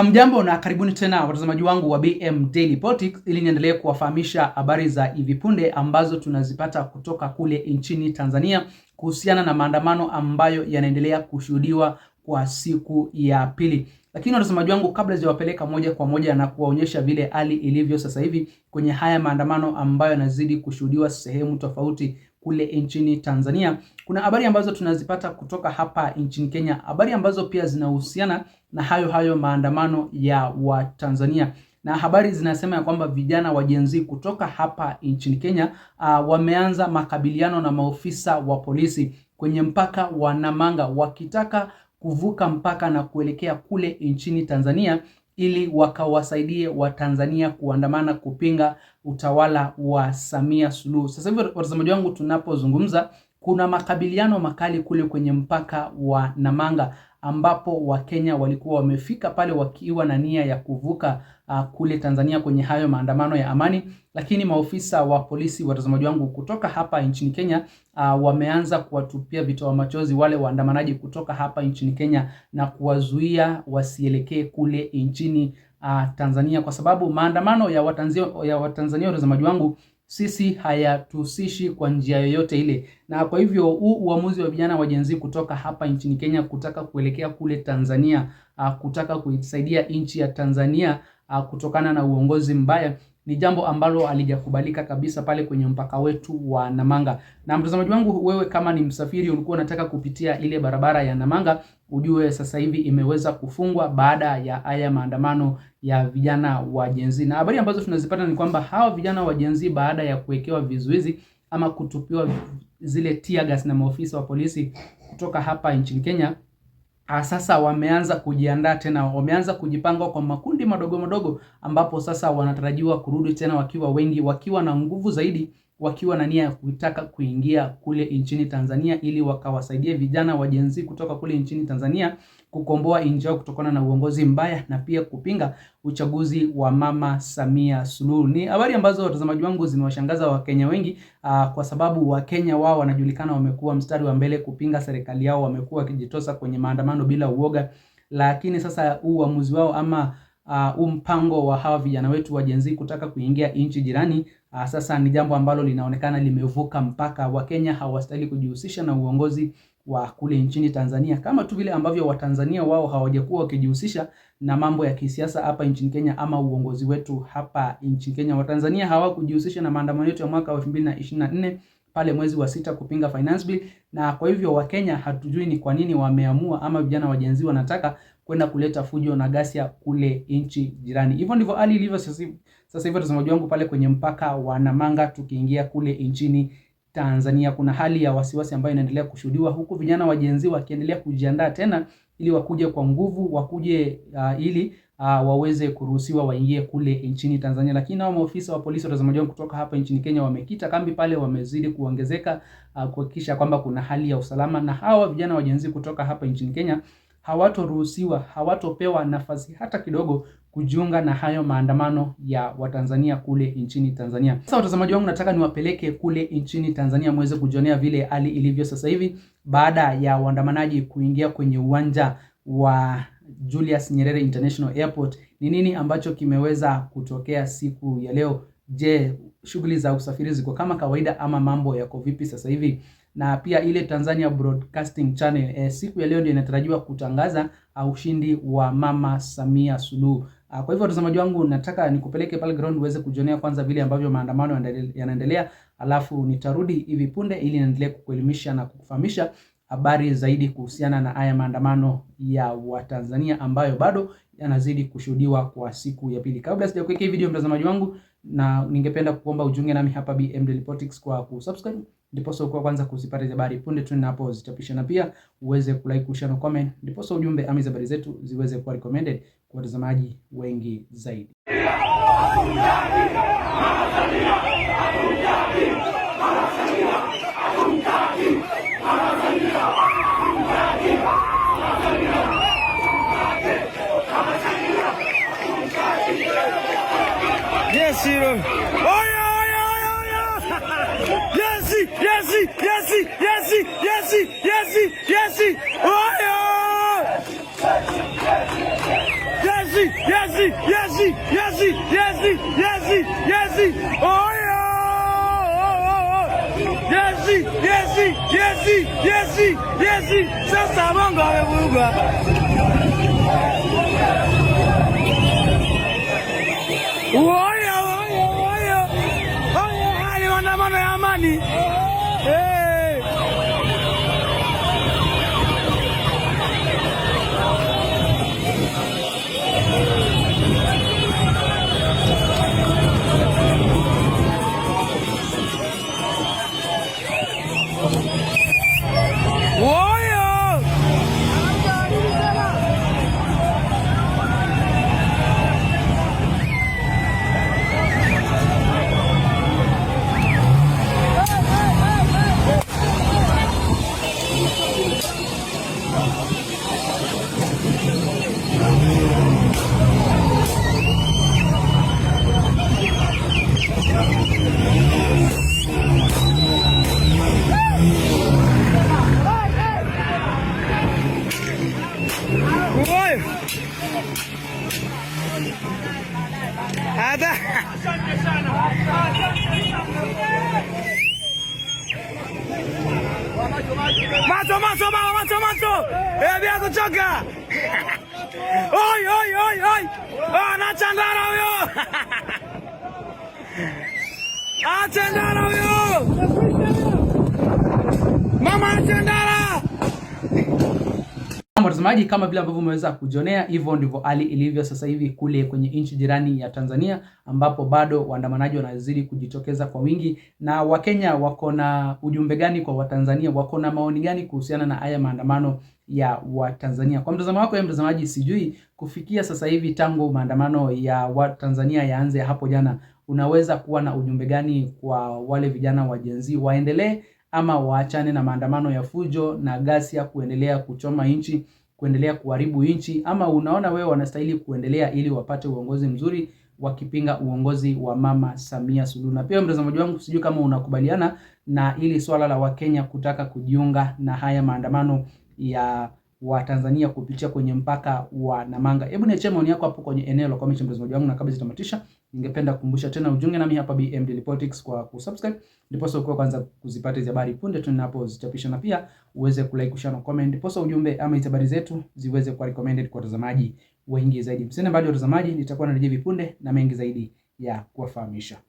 Hamjambo na karibuni tena watazamaji wangu wa BM Daily Politics, ili niendelee kuwafahamisha habari za hivi punde ambazo tunazipata kutoka kule nchini Tanzania kuhusiana na maandamano ambayo yanaendelea kushuhudiwa kwa siku ya pili. Lakini watazamaji wangu, kabla sijawapeleka moja kwa moja na kuwaonyesha vile hali ilivyo sasa hivi kwenye haya maandamano ambayo yanazidi kushuhudiwa sehemu tofauti kule nchini Tanzania. Kuna habari ambazo tunazipata kutoka hapa nchini Kenya, habari ambazo pia zinahusiana na hayo hayo maandamano ya Watanzania na habari zinasema ya kwamba vijana wa Gen Z kutoka hapa nchini Kenya uh, wameanza makabiliano na maofisa wa polisi kwenye mpaka wa Namanga wakitaka kuvuka mpaka na kuelekea kule nchini Tanzania ili wakawasaidie Watanzania kuandamana kupinga utawala wa Samia Suluhu. Sasa hivi watazamaji wangu, tunapozungumza kuna makabiliano makali kule kwenye mpaka wa Namanga ambapo Wakenya walikuwa wamefika pale wakiwa na nia ya kuvuka uh, kule Tanzania kwenye hayo maandamano ya amani, lakini maofisa wa polisi, watazamaji wangu, kutoka hapa nchini Kenya uh, wameanza kuwatupia vitoa machozi wale waandamanaji kutoka hapa nchini Kenya na kuwazuia wasielekee kule nchini uh, Tanzania kwa sababu maandamano ya Watanzania, ya Watanzania watazamaji wangu sisi hayatuhusishi kwa njia yoyote ile. Na kwa hivyo huu uamuzi wa vijana wa Gen Z kutoka hapa nchini Kenya kutaka kuelekea kule Tanzania, ah, kutaka kuisaidia nchi ya Tanzania ah, kutokana na uongozi mbaya ni jambo ambalo halijakubalika kabisa pale kwenye mpaka wetu wa Namanga. Na mtazamaji wangu, wewe kama ni msafiri ulikuwa unataka kupitia ile barabara ya Namanga, ujue sasa hivi imeweza kufungwa baada ya haya maandamano ya vijana wa Gen Z. Na habari ambazo tunazipata ni kwamba hawa vijana wa Gen Z baada ya kuwekewa vizuizi ama kutupiwa zile tear gas na maofisa wa polisi kutoka hapa nchini Kenya Ah, sasa wameanza kujiandaa tena, wameanza kujipanga kwa makundi madogo madogo, ambapo sasa wanatarajiwa kurudi tena wakiwa wengi, wakiwa na nguvu zaidi wakiwa na nia ya kutaka kuingia kule nchini Tanzania ili wakawasaidie vijana wajenzi kutoka kule nchini Tanzania kukomboa nchi yao kutokana na uongozi mbaya na pia kupinga uchaguzi wa Mama Samia Suluhu. Ni habari ambazo watazamaji wangu zimewashangaza Wakenya wengi aa, ah, kwa sababu Wakenya wao wanajulikana wamekuwa mstari wa mbele kupinga serikali yao, wamekuwa wakijitosa kwenye maandamano bila uoga, lakini sasa huu uamuzi wao ama ah, huu uh, mpango wa hawa vijana wetu wa jenzi kutaka kuingia nchi jirani uh, sasa ni jambo ambalo linaonekana limevuka mpaka. Wakenya hawastahili kujihusisha na uongozi wa kule nchini Tanzania kama tu vile ambavyo Watanzania wao hawajakuwa wakijihusisha na mambo ya kisiasa hapa nchini Kenya ama uongozi wetu hapa nchini Kenya. Watanzania hawakujihusisha na maandamano yetu ya mwaka 2024 pale mwezi wa sita kupinga finance bill, na kwa hivyo Wakenya hatujui ni kwa nini wameamua ama vijana wajenzi wanataka kwenda kuleta fujo na ghasia kule nchi jirani. Hivyo ndivyo hali ilivyo sasa hivi, watazamaji wangu, pale kwenye mpaka wa Namanga tukiingia kule nchini Tanzania. Kuna hali ya wasiwasi ambayo inaendelea kushuhudiwa huku vijana wa Gen Z wakiendelea kujiandaa tena ili wakuje kwa nguvu, wakuje uh, ili uh, waweze kuruhusiwa waingie kule nchini Tanzania. Lakini nao maofisa wa polisi, watazamaji wangu, kutoka hapa nchini Kenya wamekita kambi pale, wamezidi kuongezeka uh, kuhakikisha kwamba kuna hali ya usalama, na hawa vijana wa Gen Z kutoka hapa nchini Kenya hawatoruhusiwa, hawatopewa nafasi hata kidogo kujiunga na hayo maandamano ya Watanzania kule nchini Tanzania. Sasa watazamaji wangu, nataka niwapeleke kule nchini Tanzania muweze kujionea vile hali ilivyo sasa hivi baada ya waandamanaji kuingia kwenye uwanja wa Julius Nyerere International Airport. Ni nini ambacho kimeweza kutokea siku ya leo? Je, shughuli za usafiri ziko kama kawaida ama mambo yako vipi sasa hivi? na pia ile Tanzania Broadcasting Channel e, siku ya leo ndio inatarajiwa kutangaza ah, ushindi wa Mama Samia Suluhu. Ah, kwa hivyo watazamaji wangu, nataka nikupeleke pale ground uweze kujionea kwanza vile ambavyo maandamano yanaendelea, alafu nitarudi hivi punde ili niendelee kukuelimisha na kukufahamisha habari zaidi kuhusiana na haya maandamano ya Watanzania ambayo bado yanazidi kushuhudiwa kwa siku ya pili. Kabla sija sijakuwekea video mtazamaji wangu, na ningependa kukuomba ujiunge nami hapa BMD Politics kwa kusubscribe ndiposa ukuwa kwanza kuzipata hizo habari punde tu ninapozichapisha, na pia uweze like, kushare na comment, ndiposa ujumbe ama habari zetu ziweze kuwa recommended kwa watazamaji wengi zaidi. Yes, you know. Oh, yeah! Jesse, Jesse, Jesse, Jesse, Jesse, Jesse, Jesse, fire! Jesse, Jesse, Jesse, Jesse, Jesse, Jesse, Jesse, fire! Jesse, Jesse, Jesse, Jesse, Jesse, sasa bongo amevuruga. Why? Mali. macho, mano, macho, macho! o e viejo choca! ¡Oy, oy, oy, oy! ¡Ah, n a c h Andara, vio! o a c h Andara, vio! o m a m a c h Andara! Watazamaji, kama vile ambavyo umeweza kujionea, hivyo ndivyo hali ilivyo sasa hivi kule kwenye nchi jirani ya Tanzania, ambapo bado waandamanaji wanazidi kujitokeza kwa wingi. Na Wakenya wako na ujumbe gani kwa Watanzania? Wako na maoni gani kuhusiana na haya maandamano ya Watanzania? Kwa mtazamo wako, mtazamaji, sijui kufikia sasa hivi tangu maandamano ya Watanzania yaanze hapo jana, unaweza kuwa na ujumbe gani kwa wale vijana wa Gen Z? Waendelee ama waachane na maandamano ya fujo na ghasia kuendelea kuchoma nchi? kuendelea kuharibu nchi, ama unaona wewe wanastahili kuendelea ili wapate uongozi mzuri wakipinga uongozi wa Mama Samia Suluhu. Na pia mtazamaji wangu, sijui kama unakubaliana na ili swala la Wakenya kutaka kujiunga na haya maandamano ya Watanzania kupitia kwenye mpaka wa Namanga. Hebu niachie maoni yako hapo kwenye eneo la comment mtazamaji wangu, na kabla sitamatisha Ningependa kukumbusha tena ujiunge nami hapa BM Daily Politics kwa kusubscribe, ndiposa ukao kwanza kuzipata hizo habari punde tunapozichapisha, na pia uweze kulike, kushare na comment, ndiposa ujumbe ama hizo habari zetu ziweze kuwa recommended kwa watazamaji wengi zaidi. Msende mbali watazamaji, nitakuwa narejea vipunde punde na mengi zaidi ya kuwafahamisha.